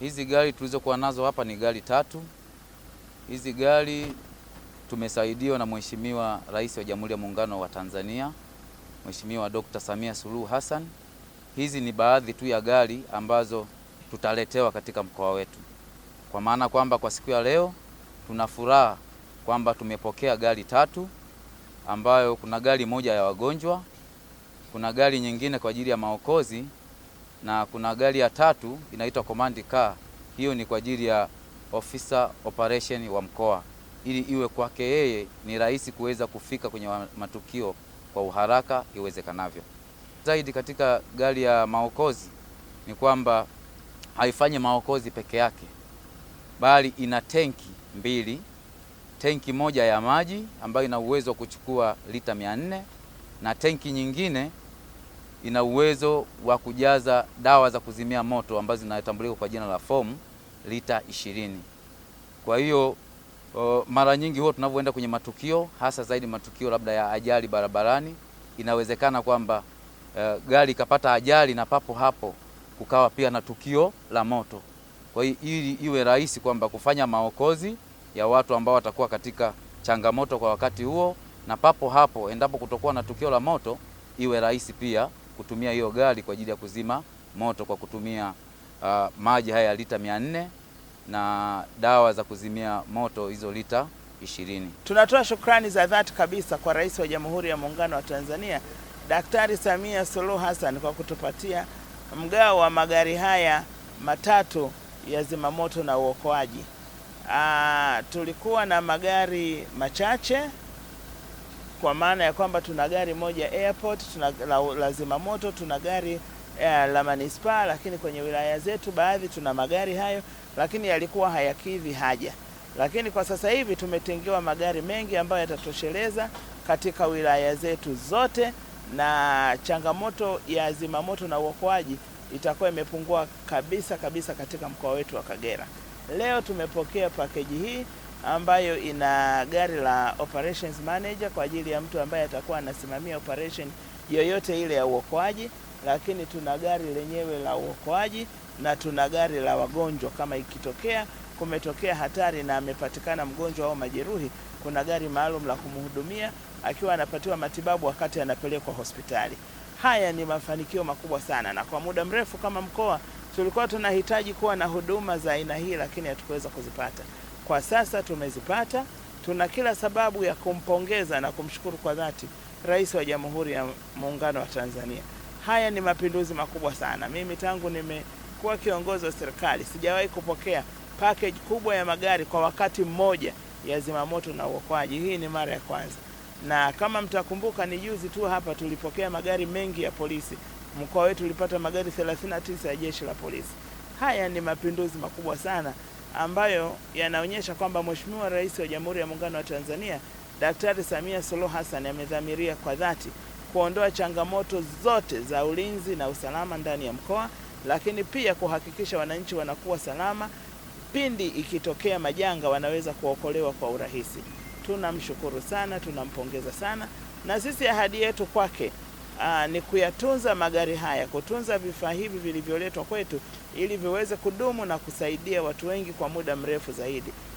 Hizi gari tulizokuwa nazo hapa ni gari tatu. Hizi gari tumesaidiwa na Mheshimiwa Rais wa Jamhuri ya Muungano wa Tanzania, Mheshimiwa Dr. Samia Suluhu Hassan. Hizi ni baadhi tu ya gari ambazo tutaletewa katika mkoa wetu, kwa maana kwamba kwa siku ya leo tuna furaha kwamba tumepokea gari tatu, ambayo kuna gari moja ya wagonjwa, kuna gari nyingine kwa ajili ya maokozi na kuna gari ya tatu inaitwa command car. Hiyo ni kwa ajili ya officer operation wa mkoa, ili iwe kwake yeye ni rahisi kuweza kufika kwenye matukio kwa uharaka iwezekanavyo. Zaidi katika gari ya maokozi ni kwamba haifanye maokozi peke yake, bali ina tenki mbili, tenki moja ya maji ambayo ina uwezo wa kuchukua lita mia nne na tenki nyingine ina uwezo wa kujaza dawa za kuzimia moto ambazo zinatambulika kwa jina la fomu lita ishirini. Kwa hiyo mara nyingi huwa tunavyoenda kwenye matukio hasa zaidi matukio labda ya ajali barabarani, inawezekana kwamba e, gari ikapata ajali na papo hapo kukawa pia na tukio la moto. Kwa hiyo ili iwe rahisi kwamba kufanya maokozi ya watu ambao watakuwa katika changamoto kwa wakati huo, na papo hapo endapo kutokuwa na tukio la moto, iwe rahisi pia kutumia hiyo gari kwa ajili ya kuzima moto kwa kutumia uh, maji haya ya lita mia nne na dawa za kuzimia moto hizo lita ishirini. Tunatoa shukrani za dhati kabisa kwa Rais wa Jamhuri ya Muungano wa Tanzania Daktari Samia Suluhu Hassan kwa kutupatia mgao wa magari haya matatu ya zimamoto na uokoaji. Aa, uh, tulikuwa na magari machache kwa maana ya kwamba tuna gari moja airport, tuna la, la zimamoto, tuna gari eh, la manispaa, lakini kwenye wilaya zetu baadhi tuna magari hayo, lakini yalikuwa hayakidhi haja. Lakini kwa sasa hivi tumetengewa magari mengi ambayo yatatosheleza katika wilaya zetu zote, na changamoto ya zimamoto na uokoaji itakuwa imepungua kabisa kabisa katika mkoa wetu wa Kagera. Leo tumepokea pakeji hii ambayo ina gari la operations manager kwa ajili ya mtu ambaye atakuwa anasimamia operation yoyote ile ya uokoaji, lakini tuna gari lenyewe la uokoaji na tuna gari la wagonjwa. Kama ikitokea kumetokea hatari na amepatikana mgonjwa au majeruhi, kuna gari maalum la kumhudumia akiwa anapatiwa matibabu wakati anapelekwa hospitali. Haya ni mafanikio makubwa sana, na kwa muda mrefu kama mkoa tulikuwa tunahitaji kuwa na huduma za aina hii, lakini hatukuweza kuzipata kwa sasa tumezipata. Tuna kila sababu ya kumpongeza na kumshukuru kwa dhati Rais wa Jamhuri ya Muungano wa Tanzania. Haya ni mapinduzi makubwa sana. Mimi tangu nimekuwa kiongozi wa serikali sijawahi kupokea package kubwa ya magari kwa wakati mmoja ya zimamoto na uokoaji. Hii ni mara ya kwanza, na kama mtakumbuka, ni juzi tu hapa tulipokea magari mengi ya polisi. Mkoa wetu ulipata magari 39 ya jeshi la polisi. Haya ni mapinduzi makubwa sana ambayo yanaonyesha kwamba Mheshimiwa Rais wa Jamhuri ya Muungano wa Tanzania Daktari Samia Suluhu Hassan amedhamiria kwa dhati kuondoa changamoto zote za ulinzi na usalama ndani ya mkoa, lakini pia kuhakikisha wananchi wanakuwa salama, pindi ikitokea majanga wanaweza kuokolewa kwa urahisi. Tunamshukuru sana, tunampongeza sana, na sisi ahadi yetu kwake aa, ah, ni kuyatunza magari haya, kutunza vifaa hivi vilivyoletwa kwetu ili viweze kudumu na kusaidia watu wengi kwa muda mrefu zaidi.